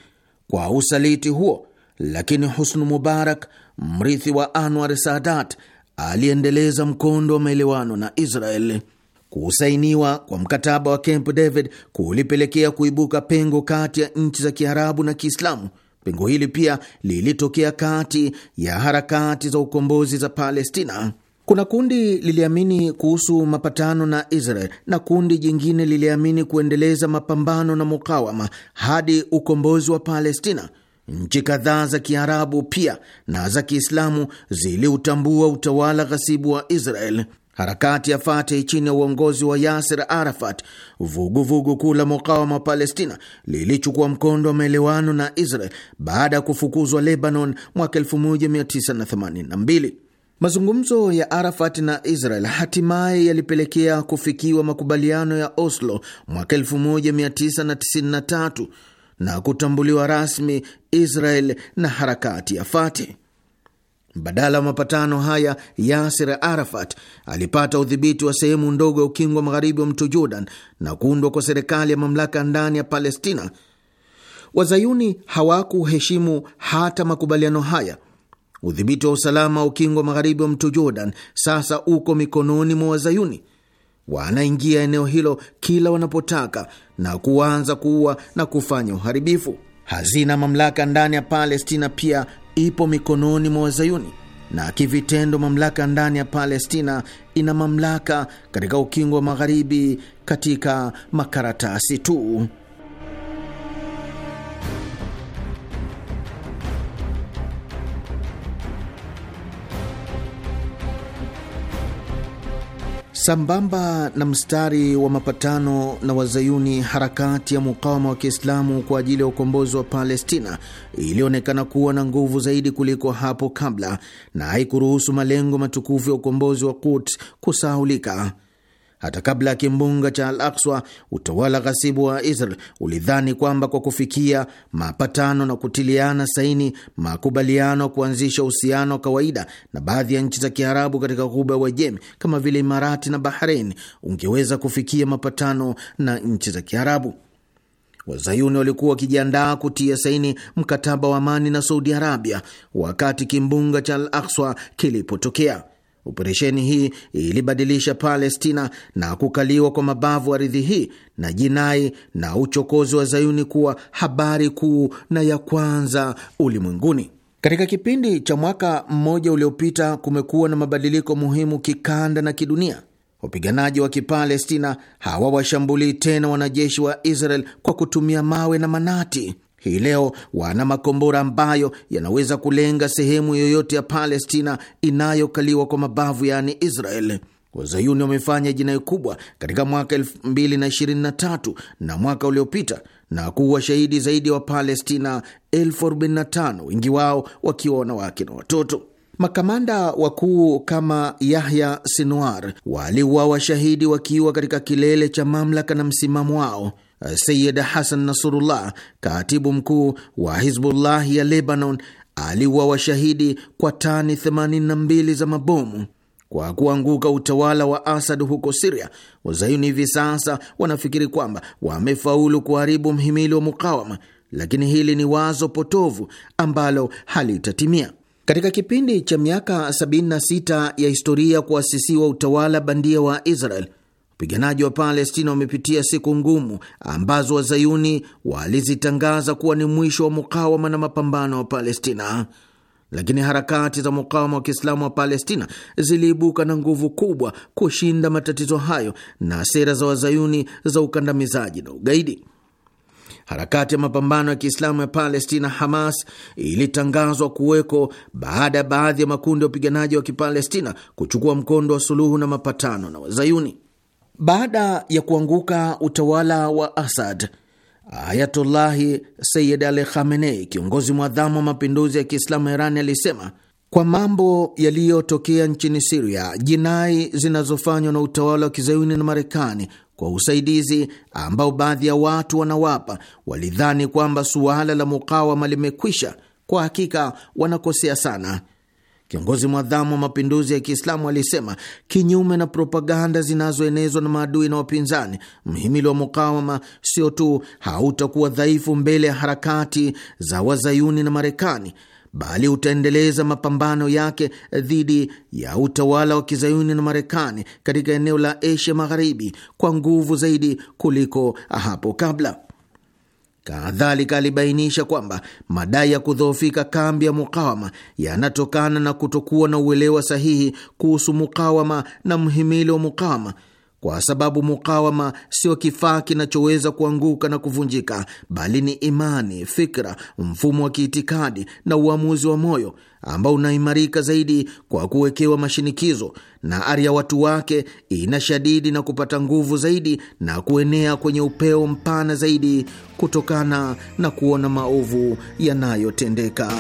kwa usaliti huo, lakini Husnu Mubarak, mrithi wa Anwar Sadat, aliendeleza mkondo wa maelewano na Israel. Kusainiwa kwa mkataba wa Camp David kulipelekea kuibuka pengo kati ya nchi za Kiarabu na Kiislamu. Pengo hili pia lilitokea kati ya harakati za ukombozi za Palestina. Kuna kundi liliamini kuhusu mapatano na Israel na kundi jingine liliamini kuendeleza mapambano na mukawama hadi ukombozi wa Palestina. Nchi kadhaa za Kiarabu pia na za Kiislamu ziliutambua utawala ghasibu wa Israel. Harakati ya Fatah chini ya uongozi wa Yasir Arafat, vuguvugu kuu la mukawama wa Palestina, lilichukua mkondo wa maelewano na Israel baada ya kufukuzwa Lebanon mwaka 1982. Mazungumzo ya Arafat na Israel hatimaye yalipelekea kufikiwa makubaliano ya Oslo mwaka 1993 na kutambuliwa rasmi Israel na harakati ya Fatah. Badala ya mapatano haya, Yasir Arafat alipata udhibiti wa sehemu ndogo ya ukingo wa magharibi wa mto Jordan na kuundwa kwa serikali ya mamlaka ndani ya Palestina. Wazayuni hawakuheshimu hata makubaliano haya Udhibiti wa usalama wa ukingo wa magharibi wa mto Jordan sasa uko mikononi mwa Wazayuni. Wanaingia eneo hilo kila wanapotaka na kuanza kuua na kufanya uharibifu. Hazina mamlaka ndani ya Palestina pia ipo mikononi mwa Wazayuni, na kivitendo mamlaka ndani ya Palestina ina mamlaka katika ukingo wa magharibi katika makaratasi tu. Sambamba na mstari wa mapatano na Wazayuni, harakati ya mukawama wa Kiislamu kwa ajili ya ukombozi wa Palestina ilionekana kuwa na nguvu zaidi kuliko hapo kabla na haikuruhusu malengo matukufu ya ukombozi wa Quds kusahulika. Hata kabla ya kimbunga cha Al Akswa, utawala ghasibu wa Israel ulidhani kwamba kwa kufikia mapatano na kutiliana saini makubaliano kuanzisha uhusiano wa kawaida na baadhi ya nchi za Kiarabu katika ghuba Wajemi kama vile Imarati na Bahrein ungeweza kufikia mapatano na nchi za Kiarabu. Wazayuni walikuwa wakijiandaa kutia saini mkataba wa amani na Saudi Arabia wakati kimbunga cha Al Akswa kilipotokea. Operesheni hii ilibadilisha Palestina na kukaliwa kwa mabavu ardhi hii na jinai na uchokozi wa Zayuni kuwa habari kuu na ya kwanza ulimwenguni. Katika kipindi cha mwaka mmoja uliopita, kumekuwa na mabadiliko muhimu kikanda na kidunia. Wapiganaji wa Kipalestina hawawashambulii tena wanajeshi wa Israel kwa kutumia mawe na manati. Hii leo wana makombora ambayo yanaweza kulenga sehemu yoyote ya Palestina inayokaliwa kwa mabavu, yaani Israel. Wazayuni wamefanya jinai kubwa katika mwaka 2023 na mwaka uliopita na kuwa shahidi zaidi ya wa Wapalestina 45 wengi wao wakiwa wanawake na watoto. Makamanda wakuu kama Yahya Sinwar waliuawa shahidi wakiwa katika kilele cha mamlaka na msimamo wao. Eh, Sayid Hasan Nasrullah, katibu mkuu wa Hizbullah ya Lebanon, aliwa washahidi kwa tani 82 za mabomu. Kwa kuanguka utawala wa Asad huko Siria, Wazayuni hivi sasa wanafikiri kwamba wamefaulu kuharibu mhimili wa mukawama, lakini hili ni wazo potovu ambalo halitatimia. Katika kipindi cha miaka 76 ya historia kuasisiwa utawala bandia wa Israel, Wapiganaji wa Palestina wamepitia siku ngumu ambazo wazayuni walizitangaza kuwa ni mwisho wa mukawama na mapambano wa Palestina, lakini harakati za mukawama wa Kiislamu wa Palestina ziliibuka na nguvu kubwa kushinda matatizo hayo na sera za wazayuni za ukandamizaji na ugaidi. Harakati ya mapambano ya Kiislamu ya Palestina, Hamas, ilitangazwa kuweko baada ya baadhi ya makundi ya wapiganaji wa Kipalestina kuchukua mkondo wa suluhu na mapatano na wazayuni. Baada ya kuanguka utawala wa Asad, Ayatullahi Sayid Ali Khamenei, kiongozi mwadhamu wa mapinduzi ya Kiislamu ya Irani, alisema kwa mambo yaliyotokea nchini Siria, jinai zinazofanywa na utawala wa kizayuni na Marekani kwa usaidizi ambao baadhi ya watu wanawapa, walidhani kwamba suala la mukawama limekwisha. Kwa hakika wanakosea sana. Kiongozi mwadhamu wa mapinduzi ya Kiislamu alisema, kinyume na propaganda zinazoenezwa na maadui na wapinzani, mhimili wa mukawama sio tu hautakuwa dhaifu mbele ya harakati za wazayuni na Marekani bali utaendeleza mapambano yake dhidi ya utawala wa kizayuni na Marekani katika eneo la Asia Magharibi kwa nguvu zaidi kuliko hapo kabla. Kadhalika alibainisha kwamba madai ya kudhoofika kambi ya mukawama yanatokana na kutokuwa na uelewa sahihi kuhusu mukawama na mhimili wa mukawama kwa sababu mukawama sio kifaa kinachoweza kuanguka na kuvunjika, bali ni imani, fikra, mfumo wa kiitikadi na uamuzi wa moyo ambao unaimarika zaidi kwa kuwekewa mashinikizo, na ari ya watu wake inashadidi na kupata nguvu zaidi na kuenea kwenye upeo mpana zaidi kutokana na kuona maovu yanayotendeka.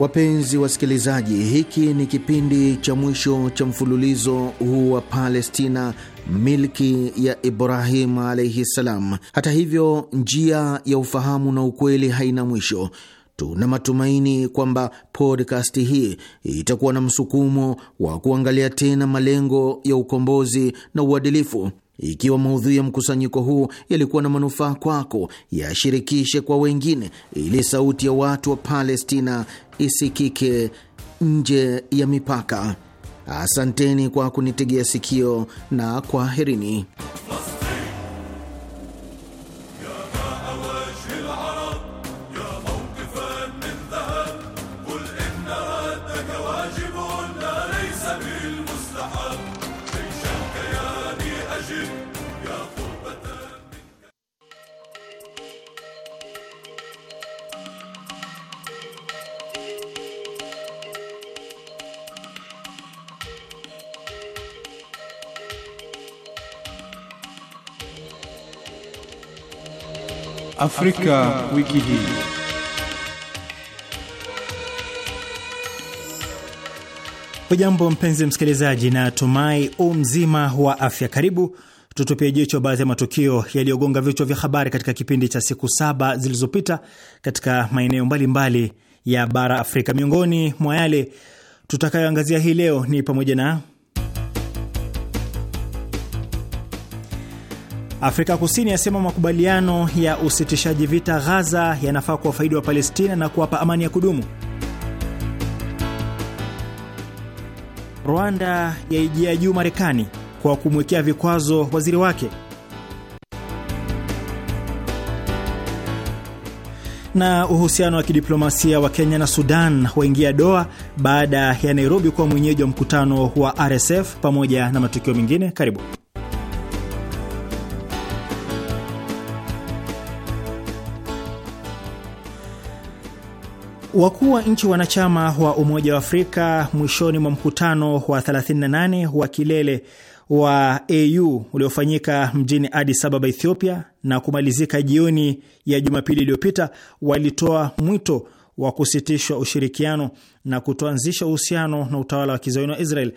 Wapenzi wasikilizaji, hiki ni kipindi cha mwisho cha mfululizo huu wa Palestina, milki ya Ibrahimu alaihi ssalam. Hata hivyo, njia ya ufahamu na ukweli haina mwisho. Tuna matumaini kwamba podkasti hii itakuwa na msukumo wa kuangalia tena malengo ya ukombozi na uadilifu ikiwa maudhui ya mkusanyiko huu yalikuwa na manufaa kwako, yashirikishe kwa wengine, ili sauti ya watu wa Palestina isikike nje ya mipaka. Asanteni kwa kunitegea sikio na kwaherini. Afrika, wiki hii. Hujambo mpenzi msikilizaji, na tumai u mzima wa afya. Karibu tutupie jicho baadhi ya matukio yaliyogonga vichwa vya habari katika kipindi cha siku saba zilizopita katika maeneo mbalimbali ya bara Afrika. Miongoni mwa yale tutakayoangazia hii leo ni pamoja na Afrika Kusini yasema makubaliano ya usitishaji vita Ghaza yanafaa kuwafaidi wa Palestina na kuwapa amani ya kudumu. Rwanda yaijia juu Marekani kwa kumwekea vikwazo waziri wake. Na uhusiano wa kidiplomasia wa Kenya na Sudan waingia doa baada ya Nairobi kuwa mwenyeji wa mkutano wa RSF pamoja na matukio mengine. Karibu. Wakuu wa nchi wanachama wa Umoja wa Afrika mwishoni mwa mkutano wa 38 wa kilele wa AU uliofanyika mjini Addis Ababa, Ethiopia na kumalizika jioni ya Jumapili iliyopita walitoa mwito wa kusitishwa ushirikiano na kutoanzisha uhusiano na utawala wa kizayuni wa Israel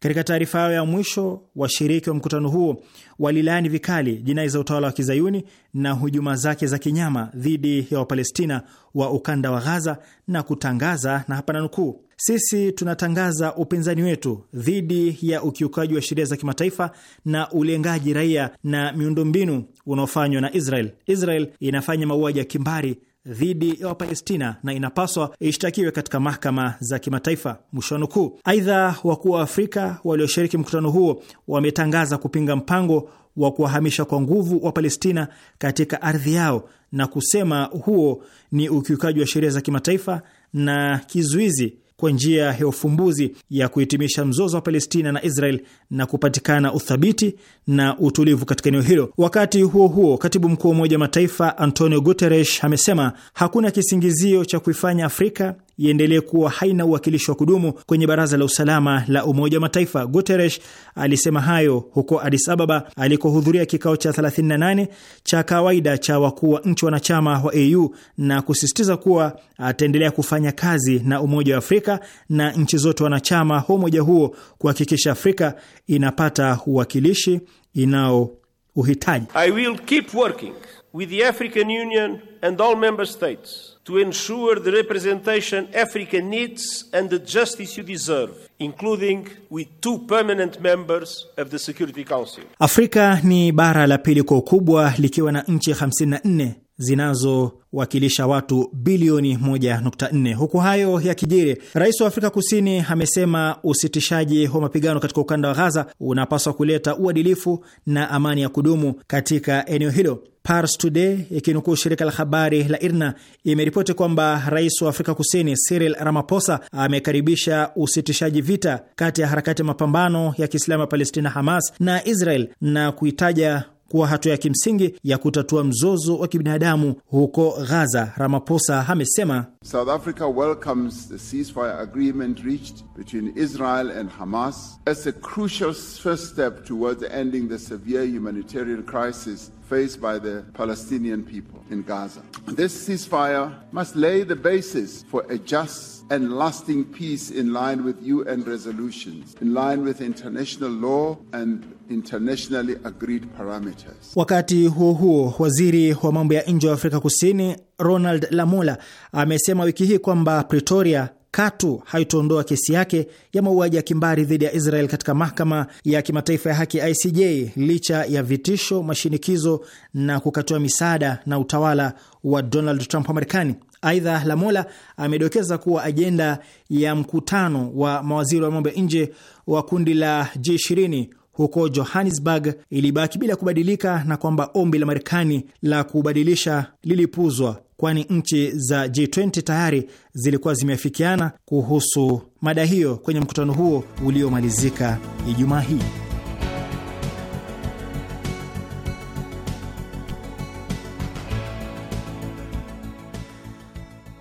katika taarifa yao ya mwisho, washiriki wa mkutano huo walilaani vikali jinai za utawala wa kizayuni na hujuma zake za kinyama dhidi ya Wapalestina wa ukanda wa Ghaza na kutangaza, na hapa nukuu, sisi tunatangaza upinzani wetu dhidi ya ukiukaji wa sheria za kimataifa na ulengaji raia na miundombinu unaofanywa na Israel. Israel inafanya mauaji ya kimbari dhidi ya Wapalestina na inapaswa ishtakiwe katika mahakama za kimataifa, mwisho wa nukuu. Aidha, wakuu wa Afrika walioshiriki mkutano huo wametangaza kupinga mpango wa kuwahamisha kwa nguvu wa Palestina katika ardhi yao na kusema huo ni ukiukaji wa sheria za kimataifa na kizuizi kwa njia ya ufumbuzi ya kuhitimisha mzozo wa Palestina na Israel na kupatikana uthabiti na utulivu katika eneo hilo. Wakati huo huo, katibu mkuu wa Umoja wa Mataifa Antonio Guterres amesema hakuna kisingizio cha kuifanya Afrika iendelee kuwa haina uwakilishi wa kudumu kwenye Baraza la Usalama la Umoja wa Mataifa. Guterres alisema hayo huko Addis Ababa alikohudhuria kikao cha 38 cha kawaida cha wakuu wa nchi wanachama wa AU na kusisitiza kuwa ataendelea kufanya kazi na Umoja wa Afrika na nchi zote wanachama wa umoja huo kuhakikisha Afrika inapata uwakilishi inao uhitaji. I will keep working with the African Union and all member states to ensure the representation Africa needs and the justice you deserve, including with two permanent members of the Security Council. Afrika ni bara la pili kwa ukubwa likiwa na nchi 54 zinazowakilisha watu bilioni 1.4. Huku hayo ya kijiri, rais wa Afrika Kusini amesema usitishaji wa mapigano katika ukanda wa Ghaza unapaswa kuleta uadilifu na amani ya kudumu katika eneo hilo. Pars Today ikinukuu shirika la habari la IRNA imeripoti kwamba rais wa Afrika Kusini Cyril Ramaphosa amekaribisha usitishaji vita kati ya harakati ya mapambano ya Kiislamu ya Palestina Hamas na Israel na kuitaja kuwa hatua ya kimsingi ya kutatua mzozo wa kibinadamu huko Gaza. Ramaphosa amesema South Africa welcomes the ceasefire agreement reached between Israel and Hamas as a crucial first step towards ending the severe humanitarian crisis faced by the Palestinian people in Gaza. This ceasefire must lay the basis for a just and lasting peace in line with UN resolutions, in line with international law and internationally agreed parameters. Wakati huo huo, waziri wa mambo ya nje wa Afrika Kusini Ronald Lamola amesema wiki hii kwamba Pretoria katu haitoondoa kesi yake ya mauaji ya kimbari dhidi ya Israel katika mahakama ya kimataifa ya haki ICJ licha ya vitisho, mashinikizo na kukatiwa misaada na utawala wa Donald Trump wa Marekani. Aidha, Lamola amedokeza kuwa ajenda ya mkutano wa mawaziri wa mambo ya nje wa kundi la G20 huko Johannesburg ilibaki bila kubadilika na kwamba ombi la Marekani la kubadilisha lilipuzwa, kwani nchi za G20 tayari zilikuwa zimeafikiana kuhusu mada hiyo kwenye mkutano huo uliomalizika Ijumaa hii.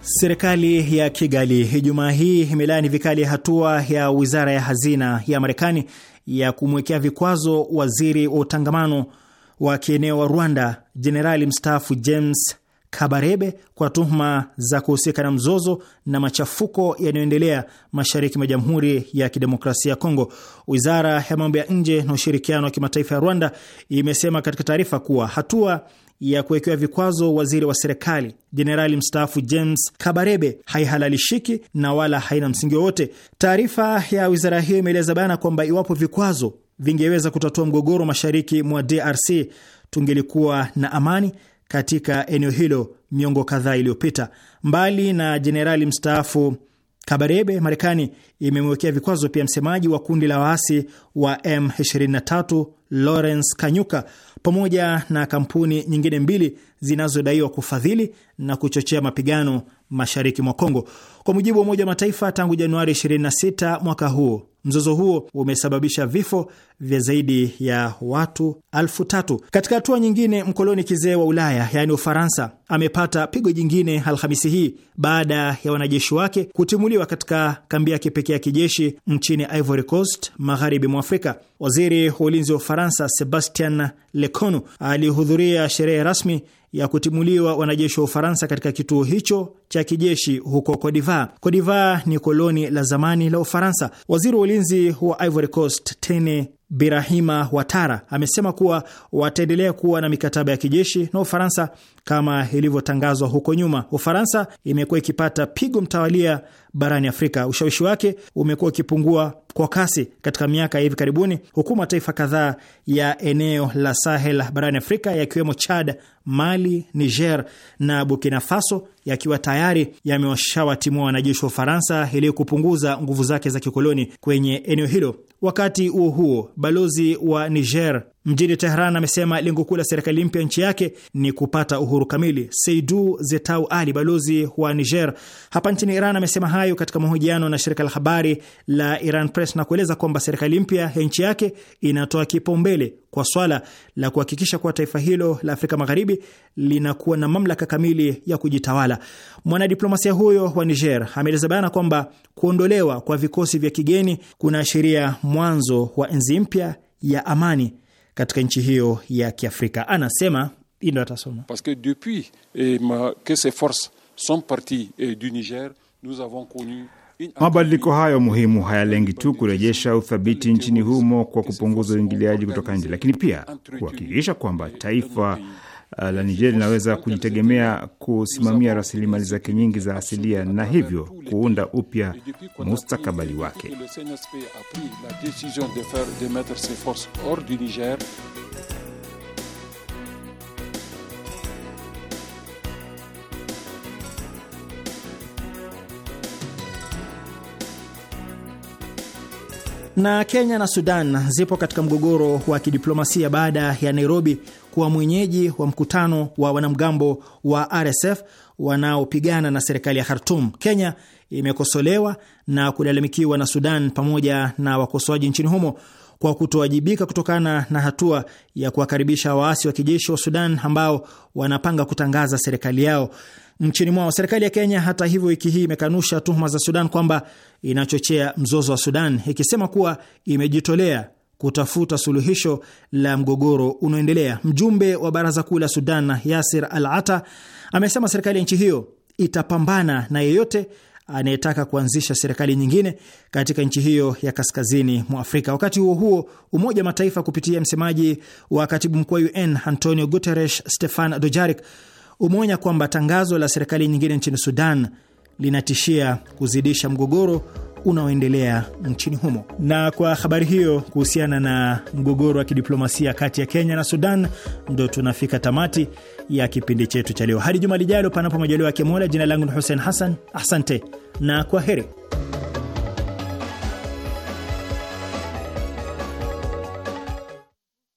Serikali ya Kigali Ijumaa hii imelaani vikali hatua ya wizara ya hazina ya Marekani ya kumwekea vikwazo waziri wa utangamano wa kieneo wa Rwanda jenerali mstaafu James Kabarebe kwa tuhuma za kuhusika na mzozo na machafuko yanayoendelea mashariki mwa Jamhuri ya Kidemokrasia ya Kongo. Wizara ya Mambo ya Nje na Ushirikiano wa Kimataifa ya Rwanda imesema katika taarifa kuwa hatua ya kuwekewa vikwazo waziri wa serikali jenerali mstaafu James Kabarebe haihalalishiki na wala haina msingi wowote. Taarifa ya wizara hiyo imeeleza bayana kwamba iwapo vikwazo vingeweza kutatua mgogoro mashariki mwa DRC, tungelikuwa na amani katika eneo hilo miongo kadhaa iliyopita. Mbali na jenerali mstaafu Kabarebe, Marekani imemwekea vikwazo pia msemaji wa kundi la waasi wa M23 Lawrence Kanyuka pamoja na kampuni nyingine mbili zinazodaiwa kufadhili na kuchochea mapigano mashariki mwa Kongo. Kwa mujibu wa Umoja wa Mataifa, tangu Januari 26 mwaka huu mzozo huo umesababisha vifo vya zaidi ya watu elfu tatu. Katika hatua nyingine, mkoloni kizee wa Ulaya yaani Ufaransa amepata pigo jingine Alhamisi hii baada ya wanajeshi wake kutimuliwa katika kambi yake pekee ya kijeshi nchini Ivory Coast, magharibi mwa Afrika. Waziri wa ulinzi wa Ufaransa Sebastian Lecornu alihudhuria sherehe rasmi ya kutimuliwa wanajeshi wa Ufaransa katika kituo hicho cha kijeshi huko Codivar. Codivar ni koloni la zamani la Ufaransa. Waziri wa ulinzi wa Ivory Coast Tene Birahima Watara amesema kuwa wataendelea kuwa na mikataba ya kijeshi na Ufaransa kama ilivyotangazwa huko nyuma. Ufaransa imekuwa ikipata pigo mtawalia barani Afrika. Ushawishi wake umekuwa ukipungua kwa kasi katika miaka ya hivi karibuni, huku mataifa kadhaa ya eneo la Sahel barani Afrika yakiwemo Chad, Mali, Niger na Burkina Faso yakiwa tayari yamewashawatimua wanajeshi wa Ufaransa ili kupunguza nguvu zake za kikoloni kwenye eneo hilo. Wakati huo huo, balozi wa Niger mjini Tehran amesema lengo kuu la serikali mpya nchi yake ni kupata uhuru kamili. Seidu Zetau Ali, balozi wa Niger hapa nchini Iran, amesema hayo katika mahojiano na shirika la habari la Iran Press na kueleza kwamba serikali mpya ya nchi yake inatoa kipaumbele kwa swala la kuhakikisha kuwa taifa hilo la Afrika Magharibi linakuwa na mamlaka kamili ya kujitawala. Mwanadiplomasia huyo wa Niger ameeleza bayana kwamba kuondolewa kwa vikosi vya kigeni kunaashiria mwanzo wa enzi mpya ya amani katika nchi hiyo ya Kiafrika. Anasema indo ndo atasoma Paske depuis eh, ma, que ces forces sont parties eh, du Niger nous avons connu Mabadiliko hayo muhimu hayalengi tu kurejesha uthabiti nchini humo kwa kupunguza uingiliaji kutoka nje, lakini pia kuhakikisha kwamba eh, taifa Uh, la Niger linaweza kujitegemea kusimamia rasilimali zake nyingi za asilia na hivyo kuunda upya mustakabali wake. Na Kenya na Sudan zipo katika mgogoro wa kidiplomasia baada ya Nairobi kuwa mwenyeji wa mkutano wa wanamgambo wa RSF wanaopigana na serikali ya Khartum. Kenya imekosolewa na kulalamikiwa na Sudan pamoja na wakosoaji nchini humo kwa kutowajibika kutokana na hatua ya kuwakaribisha waasi wa kijeshi wa Sudan ambao wanapanga kutangaza serikali yao nchini mwao. Serikali ya Kenya hata hivyo, wiki hii imekanusha tuhuma za Sudan kwamba inachochea mzozo wa Sudan, ikisema kuwa imejitolea kutafuta suluhisho la mgogoro unaoendelea. Mjumbe wa baraza kuu la Sudan Yasir Al Ata amesema serikali ya nchi hiyo itapambana na yeyote anayetaka kuanzisha serikali nyingine katika nchi hiyo ya kaskazini mwa Afrika. Wakati huo huo, Umoja wa Mataifa kupitia msemaji wa katibu mkuu wa UN Antonio Guterres, Stefan Dojarik, umeonya kwamba tangazo la serikali nyingine nchini Sudan linatishia kuzidisha mgogoro unaoendelea nchini humo. Na kwa habari hiyo kuhusiana na mgogoro wa kidiplomasia kati ya Kenya na Sudan, ndo tunafika tamati ya kipindi chetu cha leo. Hadi juma lijalo, panapo majaliwa ya Mola. Jina langu ni Hussein Hassan, asante na kwa heri.